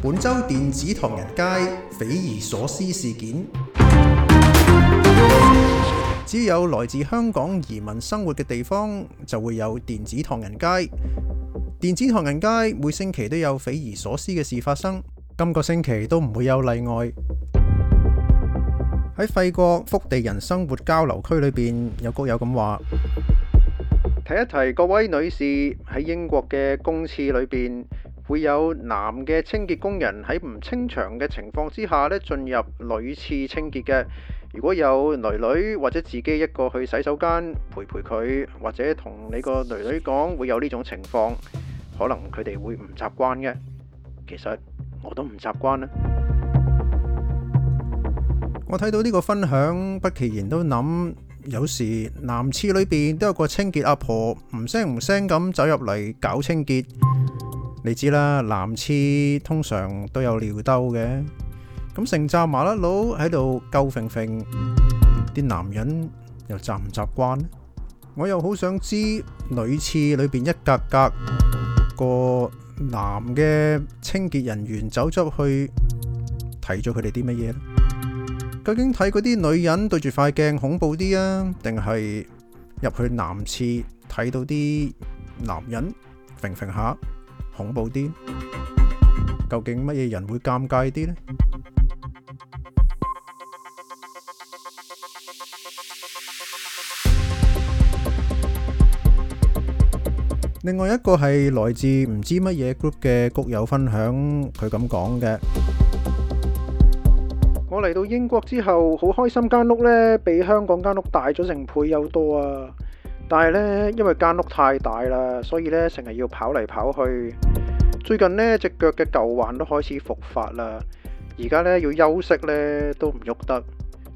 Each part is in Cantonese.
本週電子唐人街匪夷所思事件，只有來自香港移民生活嘅地方就會有電子唐人街。電子唐人街每星期都有匪夷所思嘅事發生，今個星期都唔會有例外。喺廢國福地人生活交流區裏邊，有谷友咁話：提一提各位女士，喺英國嘅公廁裏邊。會有男嘅清潔工人喺唔清場嘅情況之下咧，進入女廁清潔嘅。如果有女女或者自己一個去洗手間陪陪佢，或者同你個女女講會有呢種情況，可能佢哋會唔習慣嘅。其實我都唔習慣啊！我睇到呢個分享，不其然都諗，有時男廁裏邊都有個清潔阿婆，唔聲唔聲咁走入嚟搞清潔。你知啦，男廁通常都有尿兜嘅。咁成紮麻甩佬喺度鳩，揈揈啲男人又習唔習慣咧？我又好想知女廁裏邊一格格個男嘅清潔人員走咗去睇咗佢哋啲乜嘢咧？究竟睇嗰啲女人對住塊鏡恐怖啲啊，定係入去男廁睇到啲男人揈揈下，恐怖啲，究竟乜嘢人會尷尬啲呢？另外一個係來自唔知乜嘢 group 嘅谷友分享，佢咁講嘅：我嚟到英國之後，好開心間屋呢，比香港間屋大咗成倍有多啊！但係咧，因為間屋太大啦，所以咧成日要跑嚟跑去。最近呢，隻腳嘅舊患都開始復發啦，而家咧要休息咧都唔喐得。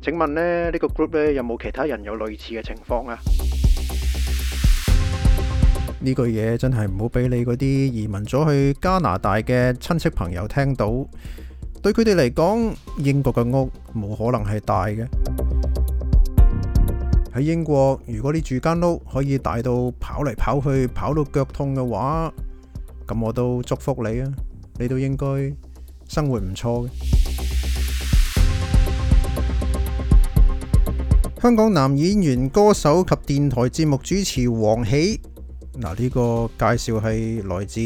請問呢，呢、呢個 group 咧有冇其他人有類似嘅情況啊？呢句嘢真係唔好俾你嗰啲移民咗去加拿大嘅親戚朋友聽到，對佢哋嚟講，英國嘅屋冇可能係大嘅。喺英國，如果你住間屋可以大到跑嚟跑去，跑到腳痛嘅話，咁我都祝福你啊！你都應該生活唔錯嘅。香港男演員、歌手及電台節目主持王喜，嗱、這、呢個介紹係來自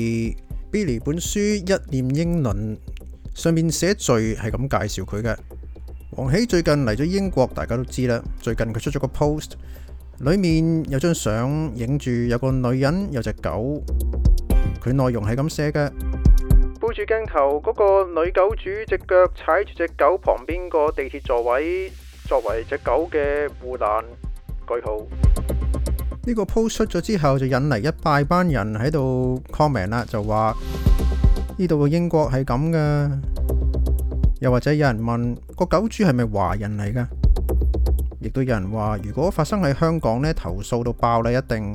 Billy 本書《一念英倫》，上面寫序係咁介紹佢嘅。王喜最近嚟咗英國，大家都知啦。最近佢出咗個 post，裏面有張相影住有個女人有隻狗，佢內容係咁寫嘅：背住鏡頭，嗰個女狗主隻腳踩住隻狗旁邊個地鐵座位，作為隻狗嘅護欄，句號。呢個 post 出咗之後，就引嚟一大班人喺度 comment 啦，就話呢度嘅英國係咁嘅。又或者有人問，個狗主係咪華人嚟噶？亦都有人話如果發生喺香港呢，投訴到爆啦，一定。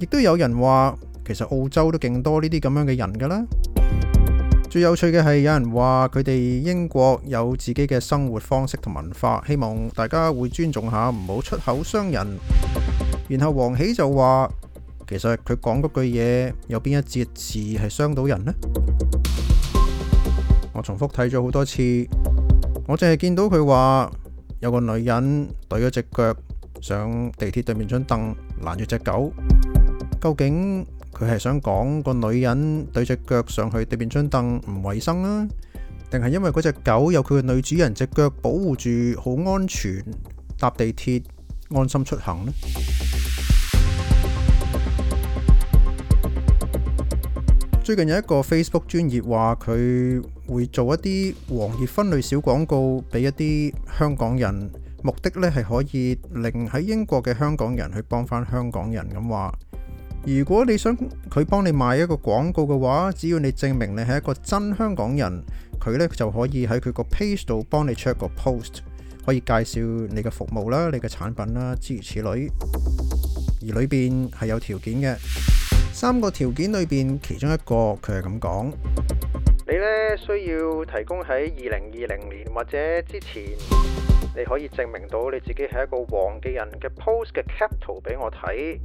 亦都有人話其實澳洲都勁多呢啲咁樣嘅人噶啦。最有趣嘅係有人話佢哋英國有自己嘅生活方式同文化，希望大家會尊重下，唔好出口傷人。然後王喜就話其實佢講嗰句嘢有邊一節字係傷到人呢？」我重複睇咗好多次，我淨係見到佢話有個女人懟咗隻腳上地鐵，對面張凳攔住隻狗，究竟佢係想講個女人懟隻腳上去對面張凳唔衛生啊，定係因為嗰隻狗有佢嘅女主人隻腳保護住，好安全，搭地鐵安心出行呢？」最近有一個 Facebook 專頁話佢會做一啲黃頁分類小廣告俾一啲香港人，目的呢係可以令喺英國嘅香港人去幫返香港人咁話。如果你想佢幫你賣一個廣告嘅話，只要你證明你係一個真香港人，佢呢就可以喺佢個 page 度幫你 check 個 post，可以介紹你嘅服務啦、你嘅產品啦諸如此類。而裏面係有條件嘅。三個條件裏邊其中一個，佢係咁講：你呢需要提供喺二零二零年或者之前，你可以證明到你自己係一個黃嘅人嘅 post 嘅 cap 圖俾我睇。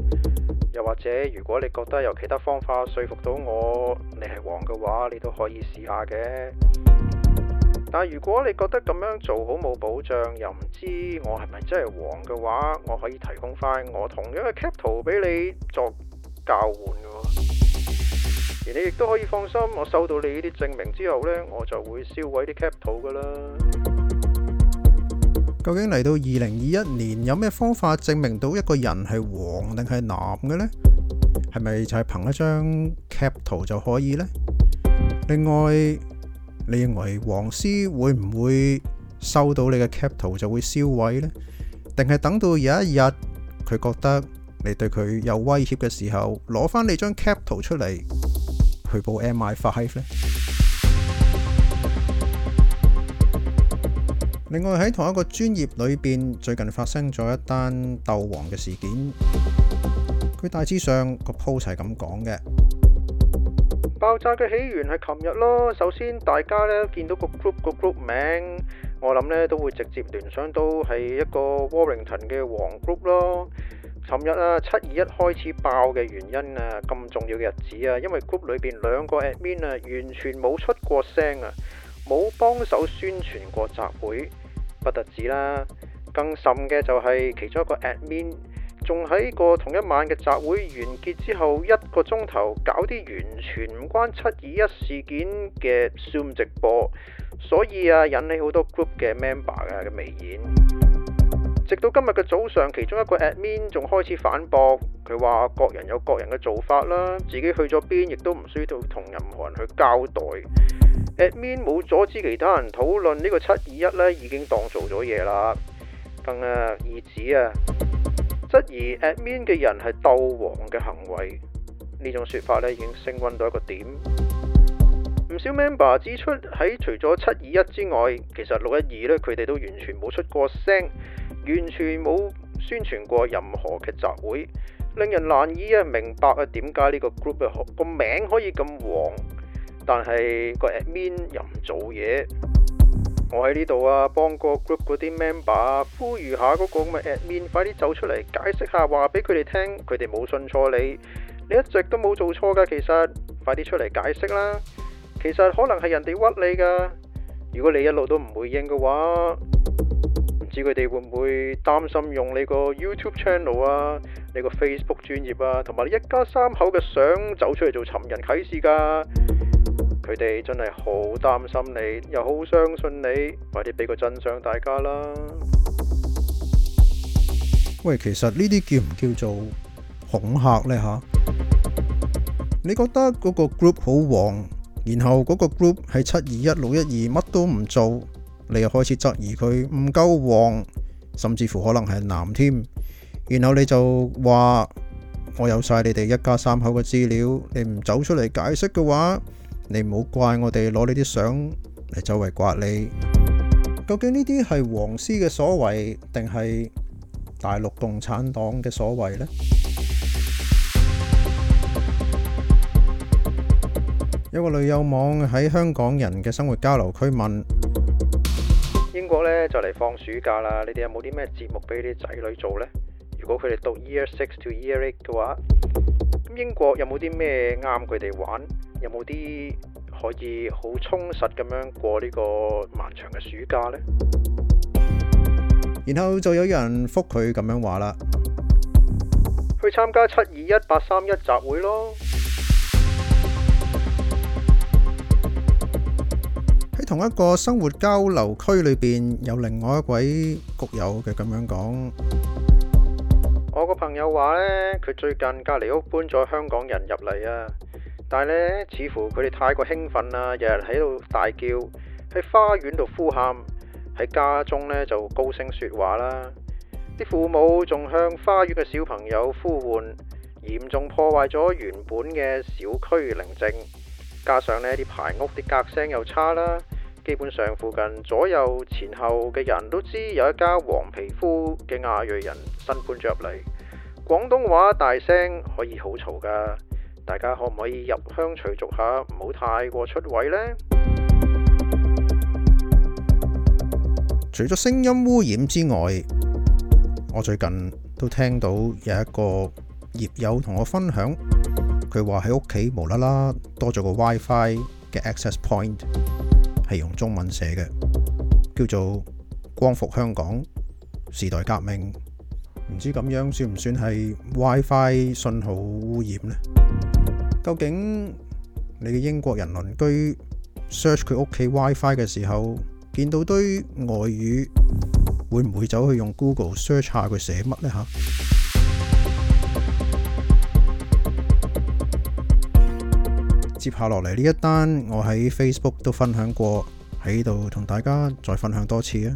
又或者，如果你覺得有其他方法說服到我你係黃嘅話，你都可以試下嘅。但係如果你覺得咁樣做好冇保障，又唔知我係咪真係黃嘅話，我可以提供翻我同樣嘅 cap 圖俾你作交換嘅，而你亦都可以放心，我收到你呢啲證明之後呢，我就會銷毀啲 cap 圖噶啦。究竟嚟到二零二一年，有咩方法證明到一個人係黃定係藍嘅？呢？係咪就係憑一張 cap 圖就可以呢？另外，你認為黃絲會唔會收到你嘅 cap 圖就會銷毀呢？定係等到有一日佢覺得？你對佢有威脅嘅時候，攞翻你張 cap 圖出嚟去報 MI5 呢。另外喺同一個專頁裏邊，最近發生咗一單鬥王嘅事件。佢大致上個 post 係咁講嘅：爆炸嘅起源係琴日咯。首先大家咧，見到個 group 個 group 名，我諗咧，都會直接聯想到係一個 Warrington 嘅王 group 咯。昨日啊，七二一開始爆嘅原因啊，咁重要嘅日子啊，因為 group 裏邊兩個 admin 啊，完全冇出過聲啊，冇幫手宣傳過集會，不得止啦，更甚嘅就係其中一個 admin 仲喺個同一晚嘅集會完結之後一個鐘頭搞啲完全唔關七二一事件嘅 s o o e m 直播，所以啊，引起好多 group 嘅 member 嘅微言。直到今日嘅早上，其中一個 admin 仲開始反駁，佢話各人有各人嘅做法啦，自己去咗邊亦都唔需要同任何人去交代。admin 冇阻止其他人討論呢個七二一呢已經當做咗嘢啦。更啊，而指啊，質疑 admin 嘅人係鬥王嘅行為，呢種説法呢已經升溫到一個點。唔少 member 指出喺除咗七二一之外，其實六一二咧，佢哋都完全冇出過聲，完全冇宣傳過任何劇集會，令人難以啊明白啊點解呢個 group 個名可以咁黃，但係個 admin 又唔做嘢。我喺呢度啊，幫個 group 嗰啲 member 呼籲下嗰個咁嘅 admin 快啲走出嚟解釋下，話俾佢哋聽，佢哋冇信錯你，你一直都冇做錯㗎。其實快啲出嚟解釋啦！其實可能係人哋屈你噶，如果你一路都唔回應嘅話，唔知佢哋會唔會擔心用你個 YouTube channel 啊，你個 Facebook 專業啊，同埋你一家三口嘅相走出嚟做尋人啟示噶。佢哋真係好擔心你，又好相信你，快啲俾個真相大家啦。喂，其實呢啲叫唔叫做恐嚇呢？吓，你覺得嗰個 group 好旺？然後嗰個 group 係七二一六一二乜都唔做，你又開始質疑佢唔夠黃，甚至乎可能係藍添。然後你就話我有晒你哋一家三口嘅資料，你唔走出嚟解釋嘅話，你唔好怪我哋攞你啲相嚟周圍刮你。究竟呢啲係黃絲嘅所為，定係大陸共產黨嘅所為呢？有個旅遊網喺香港人嘅生活交流區問：英國呢，就嚟放暑假啦，你哋有冇啲咩節目俾啲仔女做呢？如果佢哋讀 Year Six to Year Eight 嘅話，英國有冇啲咩啱佢哋玩？有冇啲可以好充實咁樣過呢個漫長嘅暑假呢？然後就有人覆佢咁樣話啦：去參加七二一八三一集會咯。同一個生活交流區裏邊有另外一位局友嘅，咁樣講，我個朋友話呢，佢最近隔籬屋搬咗香港人入嚟啊，但係呢似乎佢哋太過興奮啦，日日喺度大叫，喺花園度呼喊，喺家中呢就高聲說話啦，啲父母仲向花園嘅小朋友呼喚，嚴重破壞咗原本嘅小區寧靜，加上呢啲排屋啲隔聲又差啦。基本上附近左右前後嘅人都知有一家黃皮膚嘅亞裔人新搬咗入嚟。廣東話大聲可以好嘈噶，大家可唔可以入鄉隨俗下，唔好太過出位呢？除咗聲音污染之外，我最近都聽到有一個業友同我分享，佢話喺屋企無啦啦多咗個 WiFi 嘅 access point。係用中文寫嘅，叫做光復香港時代革命，唔知咁樣算唔算係 WiFi 信號污染呢？究竟你嘅英國人鄰居 search 佢屋企 WiFi 嘅時候，見到堆外語，會唔會走去用 Google search 下佢寫乜呢？嚇？接下落嚟呢一單，我喺 Facebook 都分享過，喺度同大家再分享多次啊！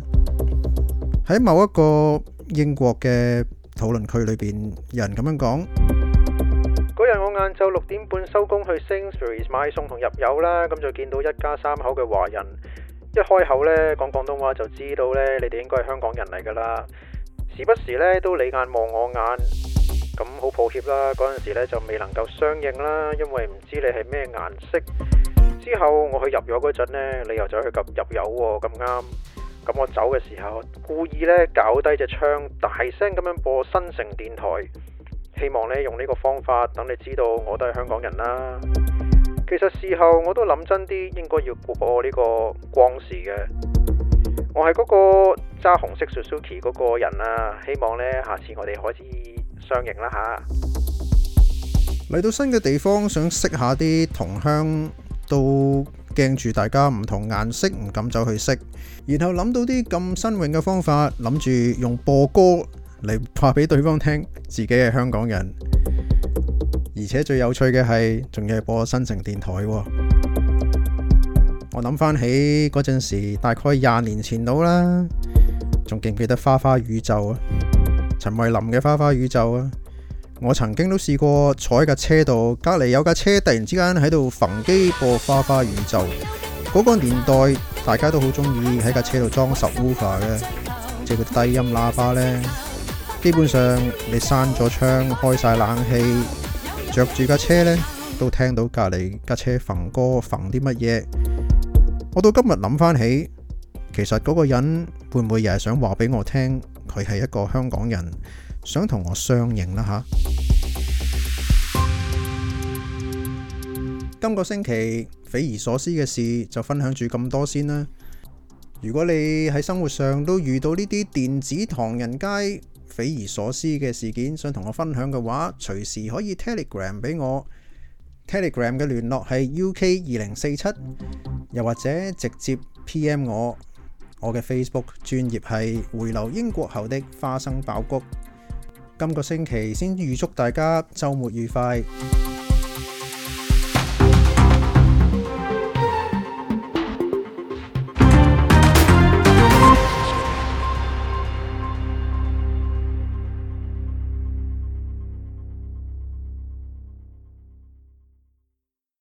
喺某一個英國嘅討論區裏邊，有人咁樣講：嗰日我晏晝六點半收工去 Sainsbury 買餸同入油啦，咁就見到一家三口嘅華人，一開口呢，講廣東話，就知道呢，你哋應該係香港人嚟㗎啦。時不時呢都你眼望我眼。咁好抱歉啦，嗰陣時呢就未能夠相應啦，因為唔知你係咩顏色。之後我去入咗嗰陣呢，你又走去入油喎，咁啱。咁我走嘅時候故意呢搞低隻窗，大聲咁樣播新城電台，希望呢用呢個方法等你知道我都係香港人啦。其實事後我都諗真啲，應該要補播呢個光時嘅。我係嗰個揸紅色 Suzuki 嗰個人啊，希望呢下次我哋可以。上迎啦嚇！嚟到新嘅地方，想識一下啲同鄉，都驚住大家唔同顏色，唔敢走去識。然後諗到啲咁新穎嘅方法，諗住用播歌嚟話俾對方聽，自己係香港人。而且最有趣嘅係，仲要係播新城電台喎！我諗翻起嗰陣時，大概廿年前到啦，仲記唔記得花花宇宙啊？陳慧琳嘅《花花宇宙》啊，我曾經都試過坐喺架車度，隔籬有架車突然之間喺度逢機播《花花宇宙》那。嗰個年代，大家都好中意喺架車度裝十 woofer 嘅，即係個低音喇叭呢，基本上你閂咗窗，開晒冷氣，着住架車呢，都聽到隔籬架車逢歌逢啲乜嘢。我到今日諗翻起，其實嗰個人會唔會又係想話俾我聽？佢係一個香港人，想同我相認啦吓。今個星期匪夷所思嘅事就分享住咁多先啦。如果你喺生活上都遇到呢啲電子唐人街匪夷所思嘅事件，想同我分享嘅話，隨時可以 Telegram 俾我。Telegram 嘅聯絡係 UK 二零四七，又或者直接 PM 我。我嘅 Facebook 專頁係回流英國後的花生爆谷。今個星期先預祝大家週末愉快。